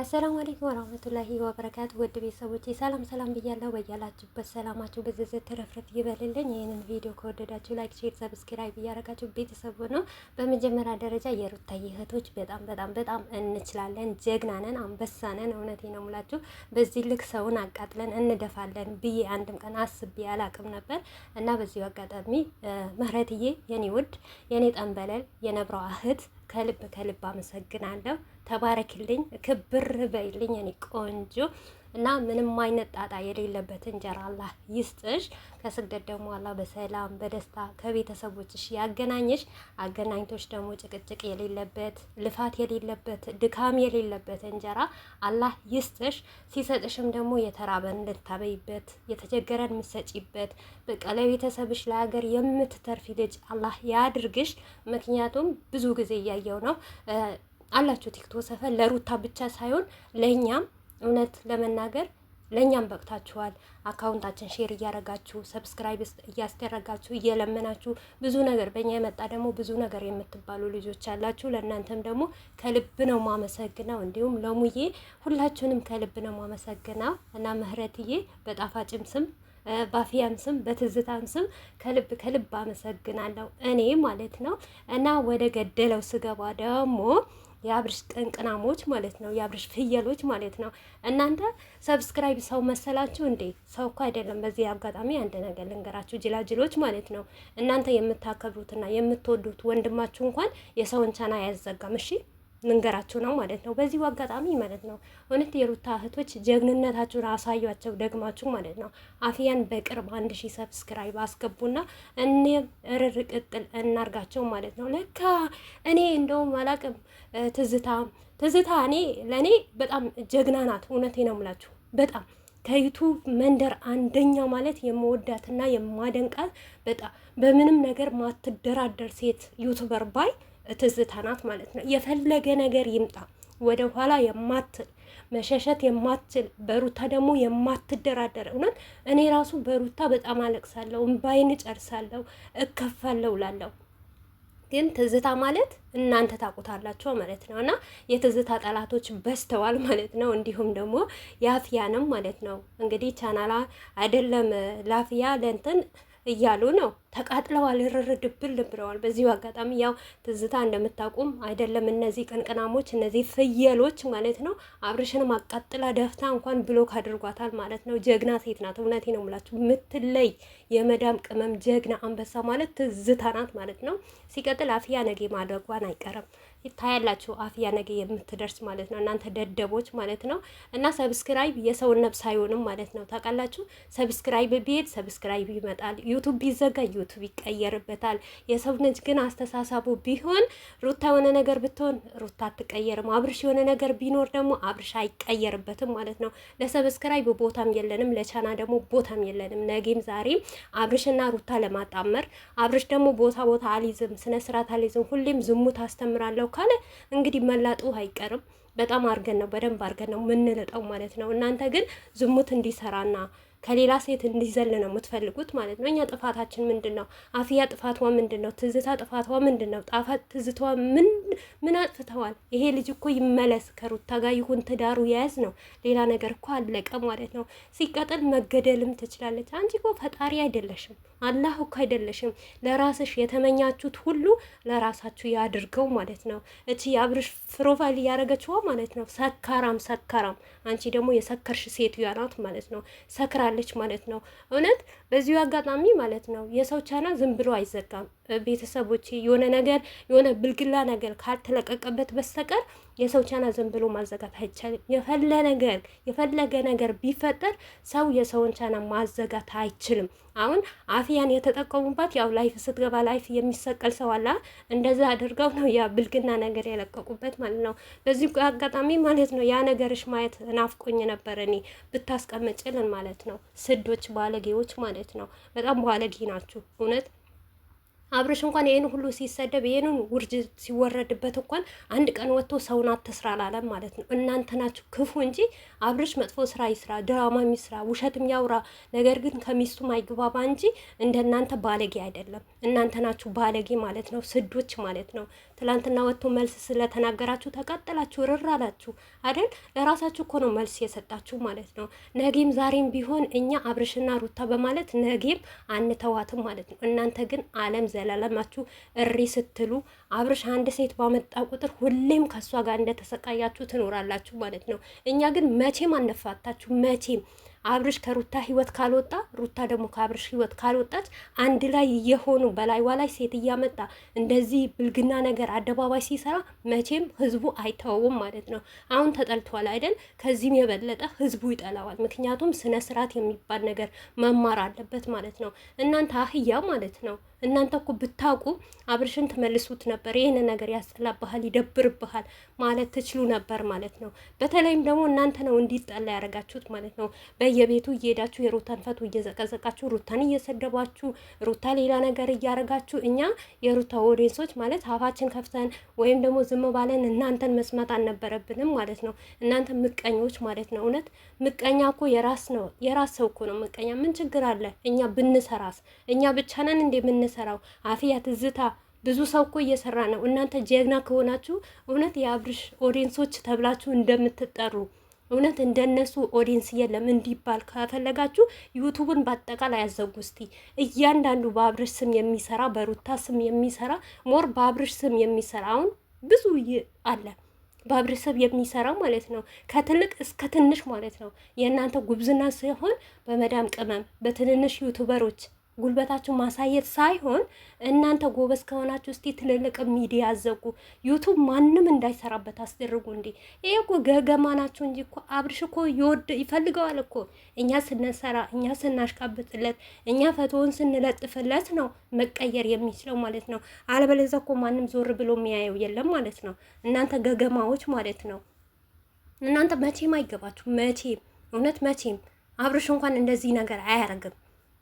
አሰላሙ አለይኩም ወራህመቱላሂ ወበረካቱ። ውድ ቤተሰቦች ሰላም ሰላም ብያለሁ። በያላችሁበት ሰላማችሁ ብዝዝት ትርፍርፍ ይበልልኝ። ይህንን ቪዲዮ ከወደዳችሁ ላይክ፣ ሼር፣ ሰብስክራይብ እያደረጋችሁ ቤተሰብ ነው። በመጀመሪያ ደረጃ የሩታዬ እህቶች በጣም በጣም በጣም እንችላለን፣ ጀግናነን፣ አንበሳነን። እውነቴ ነው ሙላችሁ። በዚህ ልክ ሰውን አቃጥለን እንደፋለን ብዬ አንድም ቀን አስቤ አላቅም ነበር እና በዚሁ አጋጣሚ ምህረትዬ፣ የኔ ውድ፣ የኔ ጠንበለል፣ የነብረዋ እህት ከልብ ከልብ አመሰግናለሁ። ተባረክልኝ፣ ክብር በይልኝ እኔ ቆንጆ እና ምንም አይነት ጣጣ የሌለበት እንጀራ አላህ ይስጥሽ። ከስግደት ደግሞ አላህ በሰላም በደስታ ከቤተሰቦችሽ ያገናኝሽ። አገናኝቶች ደግሞ ጭቅጭቅ የሌለበት ልፋት የሌለበት ድካም የሌለበት እንጀራ አላህ ይስጥሽ። ሲሰጥሽም ደግሞ የተራበን ልታበይበት፣ የተቸገረን ምሰጪበት፣ በቃ ለቤተሰብሽ ለሀገር የምትተርፊ ልጅ አላህ ያድርግሽ። ምክንያቱም ብዙ ጊዜ እያየው ነው አላቸው። ቲክቶክ ሰፈር ለሩታ ብቻ ሳይሆን ለእኛም እውነት ለመናገር ለእኛም በቅታችኋል። አካውንታችን ሼር እያረጋችሁ ሰብስክራይብ እያስደረጋችሁ እየለመናችሁ ብዙ ነገር በእኛ የመጣ ደግሞ ብዙ ነገር የምትባሉ ልጆች አላችሁ። ለእናንተም ደግሞ ከልብ ነው ማመሰግነው። እንዲሁም ለሙዬ ሁላችሁንም ከልብ ነው ማመሰግነው እና ምህረትዬ በጣፋጭም ስም ባፊያም ስም በትዝታም ስም ከልብ ከልብ አመሰግናለሁ እኔ ማለት ነው እና ወደ ገደለው ስገባ ደግሞ የአብርሽ ቅንቅናሞች ማለት ነው፣ የአብርሽ ፍየሎች ማለት ነው። እናንተ ሰብስክራይብ ሰው መሰላችሁ እንዴ? ሰው እኮ አይደለም። በዚህ አጋጣሚ አንድ ነገር ልንገራችሁ፣ ጅላጅሎች ማለት ነው። እናንተ የምታከብሩትና የምትወዱት ወንድማችሁ እንኳን የሰውን ቻና አያዘጋም። እሺ መንገራቸው ነው ማለት ነው። በዚሁ አጋጣሚ ማለት ነው እውነት የሩታ እህቶች ጀግንነታችሁን አሳያቸው ደግማችሁ ማለት ነው። አፍያን በቅርብ አንድ ሺህ ሰብስክራይብ አስገቡና እኔ እርር ቅጥል እናርጋቸው ማለት ነው። ለካ እኔ እንደውም አላቅም ትዝታ ትዝታ እኔ ለእኔ በጣም ጀግና ናት። እውነቴ ነው የምላችሁ በጣም ከዩቱብ መንደር አንደኛ ማለት የመወዳትና የማደንቃት በጣም በምንም ነገር ማትደራደር ሴት ዩቱበር ባይ ትዝታናት ማለት ነው። የፈለገ ነገር ይምጣ ወደ ኋላ የማትል መሸሸት የማትል በሩታ ደግሞ የማትደራደር እውነት እኔ ራሱ በሩታ በጣም አለቅሳለሁ፣ እምባይን ጨርሳለሁ፣ እከፋለሁ ላለሁ ግን ትዝታ ማለት እናንተ ታውቁታላችሁ ማለት ነው። እና የትዝታ ጠላቶች በስተዋል ማለት ነው። እንዲሁም ደግሞ ያፍያንም ማለት ነው። እንግዲህ ቻናላ አይደለም ላፍያ ለንትን እያሉ ነው ተቃጥለዋል፣ ርርድብል ብለዋል። በዚሁ አጋጣሚ ያው ትዝታ እንደምታውቁም አይደለም እነዚህ ቅንቅናሞች እነዚህ ፍየሎች ማለት ነው አብርሽንም አቃጥላ ደፍታ እንኳን ብሎክ አድርጓታል ማለት ነው። ጀግና ሴት ናት። እውነቴ ነው ምላችሁ፣ የምትለይ የመዳም ቅመም ጀግና አንበሳ ማለት ትዝታ ናት ማለት ነው። ሲቀጥል አፍያ ነጌ ማድረጓን አይቀርም ይታያላችሁ አፍያ ነገ የምትደርስ ማለት ነው። እናንተ ደደቦች ማለት ነው። እና ሰብስክራይብ የሰውን ነብስ አይሆንም ማለት ነው። ታውቃላችሁ፣ ሰብስክራይብ ቢሄድ ሰብስክራይብ ይመጣል። ዩቱብ ቢዘጋ ዩቱብ ይቀየርበታል። የሰው ልጅ ግን አስተሳሰቡ ቢሆን ሩታ የሆነ ነገር ብትሆን ሩታ አትቀየርም፣ አብርሽ የሆነ ነገር ቢኖር ደግሞ አብርሽ አይቀየርበትም ማለት ነው። ለሰብስክራይብ ቦታም የለንም፣ ለቻና ደግሞ ቦታም የለንም። ነገም ዛሬም አብርሽና ሩታ ለማጣመር አብርሽ ደግሞ ቦታ ቦታ አልይዝም፣ ስነ ስርዓት አልይዝም፣ ሁሌም ዝሙት አስተምራለሁ ካለ እንግዲህ መላጡ አይቀርም። በጣም አርገን ነው በደንብ አርገን ነው ምንልጠው ማለት ነው። እናንተ ግን ዝሙት እንዲሰራና ከሌላ ሴት እንዲዘል ነው የምትፈልጉት ማለት ነው። እኛ ጥፋታችን ምንድን ነው? አፍያ ጥፋትዋ ምንድን ነው? ትዝታ ጥፋትዋ ምንድን ነው? ጣፋት ትዝቷ ምን ምን አጥፍተዋል? ይሄ ልጅ እኮ ይመለስ፣ ከሩታ ጋር ይሁን ትዳሩ የያዝ ነው። ሌላ ነገር እኮ አለቀ ማለት ነው። ሲቀጥል መገደልም ትችላለች። አንቺ እኮ ፈጣሪ አይደለሽም። አላህ እኮ አይደለሽም። ለራስሽ የተመኛችሁት ሁሉ ለራሳችሁ ያድርገው ማለት ነው። እቺ የአብርሽ ፕሮፋይል እያደረገችው ማለት ነው። ሰካራም ሰካራም፣ አንቺ ደግሞ የሰከርሽ ሴት ናት ማለት ነው። ሰክራለች ማለት ነው። እውነት በዚሁ አጋጣሚ ማለት ነው የሰው ቻናል ዝም ብሎ አይዘጋም። ቤተሰቦች የሆነ ነገር የሆነ ብልግላ ነገር ካልተለቀቀበት በስተቀር የሰው ቻና ዝም ብሎ ማዘጋት አይቻልም። የፈለ ነገር የፈለገ ነገር ቢፈጠር ሰው የሰውን ቻና ማዘጋት አይችልም። አሁን አፍያን የተጠቀሙባት ያው ላይፍ ስትገባ ላይፍ የሚሰቀል ሰው አላ እንደዛ አድርገው ነው ያ ብልግና ነገር የለቀቁበት ማለት ነው። በዚህ አጋጣሚ ማለት ነው ያ ነገርሽ ማየት ናፍቆኝ ነበር እኔ ብታስቀምጭልን ማለት ነው። ስዶች ባለጌዎች ማለት ነው። በጣም ባለጌ ናችሁ እውነት አብረሽ እንኳን ይህን ሁሉ ሲሰደብ ይህንን ውርጅ ሲወረድበት እንኳን አንድ ቀን ወጥቶ ሰውን አትስራ አላለም ማለት ነው። እናንተ ናችሁ ክፉ እንጂ አብረሽ መጥፎ ስራ ይስራ፣ ድራማ ይስራ፣ ውሸትም ያውራ፣ ነገር ግን ከሚስቱ ማይግባባ እንጂ እንደ እናንተ ባለጌ አይደለም። እናንተ ናችሁ ባለጌ ማለት ነው፣ ስዶች ማለት ነው። ትላንትና ወጥቶ መልስ ስለተናገራችሁ ተቀጥላችሁ ርር አላችሁ አይደል? ለራሳችሁ እኮ ነው መልስ የሰጣችሁ ማለት ነው። ነገም ዛሬም ቢሆን እኛ አብርሽና ሩታ በማለት ነገም አንተዋትም ማለት ነው። እናንተ ግን አለም ዘላለማችሁ እሪ ስትሉ አብርሽ አንድ ሴት ባመጣ ቁጥር ሁሌም ከእሷ ጋር እንደተሰቃያችሁ ትኖራላችሁ ማለት ነው። እኛ ግን መቼም አንፋታችሁ መቼም አብርሽ ከሩታ ህይወት ካልወጣ ሩታ ደግሞ ከአብርሽ ህይወት ካልወጣች አንድ ላይ እየሆኑ በላይዋ ላይ ሴት እያመጣ እንደዚህ ብልግና ነገር አደባባይ ሲሰራ መቼም ህዝቡ አይተወውም ማለት ነው። አሁን ተጠልቷል አይደል? ከዚህም የበለጠ ህዝቡ ይጠላዋል። ምክንያቱም ስነ ስርዓት የሚባል ነገር መማር አለበት ማለት ነው። እናንተ አህያ ማለት ነው። እናንተ እኮ ብታውቁ አብርሽን ትመልሱት ነበር። ይህን ነገር ያስጠላብሃል፣ ይደብርብሃል ማለት ትችሉ ነበር ማለት ነው። በተለይም ደግሞ እናንተ ነው እንዲጠላ ያደረጋችሁት ማለት ነው። በየቤቱ እየሄዳችሁ የሩታን ፈቶ እየዘቀዘቃችሁ፣ ሩታን እየሰደባችሁ፣ ሩታ ሌላ ነገር እያደረጋችሁ እኛ የሩታ ኦዲየንሶች ማለት አፋችን ከፍተን ወይም ደግሞ ዝም ባለን እናንተን መስማት አልነበረብንም ማለት ነው። እናንተ ምቀኞች ማለት ነው። እውነት ምቀኛ እኮ የራስ ነው የራስ ሰው እኮ ነው ምቀኛ። ምን ችግር አለ እኛ ብንሰራስ? እኛ ብቻ ነን እንደ የምንሰራው አፍያ ትዝታ ብዙ ሰው እኮ እየሰራ ነው። እናንተ ጀግና ከሆናችሁ እውነት የአብርሽ ኦዲንሶች ተብላችሁ እንደምትጠሩ እውነት እንደነሱ ኦዲንስ የለም እንዲባል ከፈለጋችሁ ዩቱቡን በአጠቃላይ አዘጉ። እስቲ እያንዳንዱ በአብርሽ ስም የሚሰራ በሩታ ስም የሚሰራ ሞር በአብርሽ ስም የሚሰራ አሁን ብዙ አለ በአብርሽ ስም የሚሰራ ማለት ነው፣ ከትልቅ እስከ ትንሽ ማለት ነው። የእናንተ ጉብዝና ሲሆን በመዳም ቅመም በትንንሽ ዩቱበሮች ጉልበታችሁ ማሳየት ሳይሆን እናንተ ጎበዝ ከሆናችሁ እስቲ ትልልቅ ሚዲያ አዘጉ። ዩቱብ ማንም እንዳይሰራበት አስደርጉ። እንዴ ይሄ እኮ ገገማ ናቸው እንጂ እኮ አብርሽ እኮ ይወድ ይፈልገዋል እኮ እኛ ስንሰራ፣ እኛ ስናሽቃብጥለት፣ እኛ ፈቶውን ስንለጥፍለት ነው መቀየር የሚችለው ማለት ነው። አለበለዚያ እኮ ማንም ዞር ብሎ የሚያየው የለም ማለት ነው። እናንተ ገገማዎች ማለት ነው። እናንተ መቼም አይገባችሁ መቼም፣ እውነት መቼም አብርሽ እንኳን እንደዚህ ነገር አያደርግም።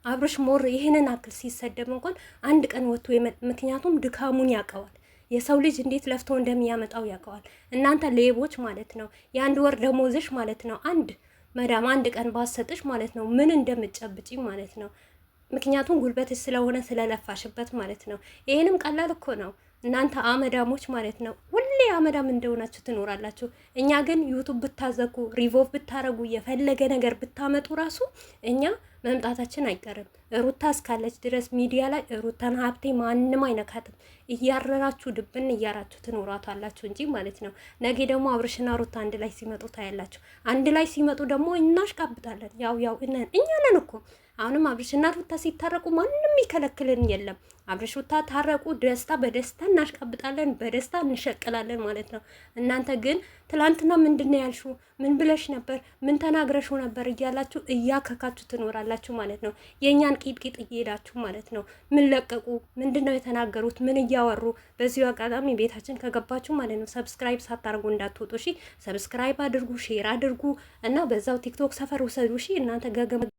አብርሽ ሞር ይህንን አክል ሲሰደብ እንኳን አንድ ቀን ወጥቶ ምክንያቱም ድካሙን ያውቀዋል። የሰው ልጅ እንዴት ለፍቶ እንደሚያመጣው ያውቀዋል። እናንተ ሌቦች ማለት ነው። የአንድ ወር ደሞዝሽ ማለት ነው አንድ መዳም አንድ ቀን ባሰጥሽ ማለት ነው ምን እንደምጨብጪ ማለት ነው። ምክንያቱም ጉልበትሽ ስለሆነ ስለለፋሽበት ማለት ነው። ይህንም ቀላል እኮ ነው እናንተ አመዳሞች ማለት ነው። ሁሌ አመዳም እንደሆናችሁ ትኖራላችሁ። እኛ ግን ዩቱብ ብታዘጉ፣ ሪቮቭ ብታረጉ፣ የፈለገ ነገር ብታመጡ ራሱ እኛ መምጣታችን አይቀርም። ሩታ እስካለች ድረስ ሚዲያ ላይ ሩታን ሀብቴ ማንም አይነካትም። እያረራችሁ ድብን እያራችሁ ትኖራታላችሁ እንጂ ማለት ነው። ነገ ደግሞ አብርሽና ሩታ አንድ ላይ ሲመጡ ታያላችሁ። አንድ ላይ ሲመጡ ደግሞ እናሽቃብጣለን። ያው ያው እነን እኛ ነን እኮ አሁንም አብርሽና ሩታ ሲታረቁ ማንም ይከለክልን የለም። አብርሽ ሩታ ታረቁ፣ ደስታ በደስታ እናሽቃብጣለን፣ በደስታ እንሸቅላለን። እንችላለን ማለት ነው። እናንተ ግን ትላንትና ምንድን ነው ያልሽው? ምን ብለሽ ነበር? ምን ተናግረሽው ነበር? እያላችሁ እያከካችሁ ትኖራላችሁ ማለት ነው። የእኛን ቂጥቂጥ እየሄዳችሁ ማለት ነው። ምን ለቀቁ? ምንድን ነው የተናገሩት? ምን እያወሩ? በዚሁ አጋጣሚ ቤታችን ከገባችሁ ማለት ነው ሰብስክራይብ ሳታርጉ እንዳትወጡ እሺ። ሰብስክራይብ አድርጉ፣ ሼር አድርጉ እና በዛው ቲክቶክ ሰፈር ውሰዱ እሺ። እናንተ ገገመ